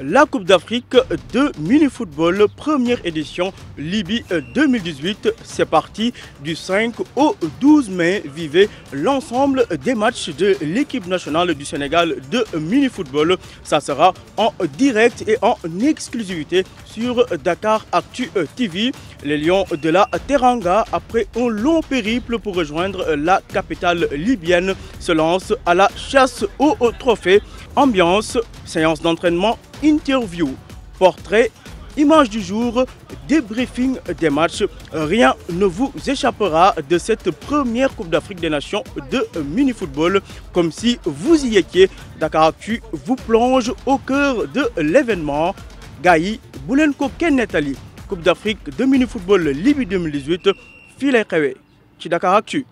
la Coupe d'Afrique de mini-football, première édition Libye 2018. Euh, C'est parti du 5 au 12 mai. Vivez l'ensemble des matchs de l'équipe nationale du Sénégal de mini-football. Ça sera en direct et en exclusivité sur Dakar Actu euh, TV. Les lions de la Teranga, après un long périple pour rejoindre la capitale libyenne, se lancent à la chasse au trophée. Ambiance, séance d'entraînement, interview, portrait, image du jour, débriefing des matchs. Rien ne vous échappera de cette première Coupe d'Afrique des Nations de mini-football. Comme si vous y étiez, Dakar vous plonge au cœur de l'événement. Gaï Boulenko Kenetali Coupe d'Afrique de mini football Libye 2018 filet lay Tu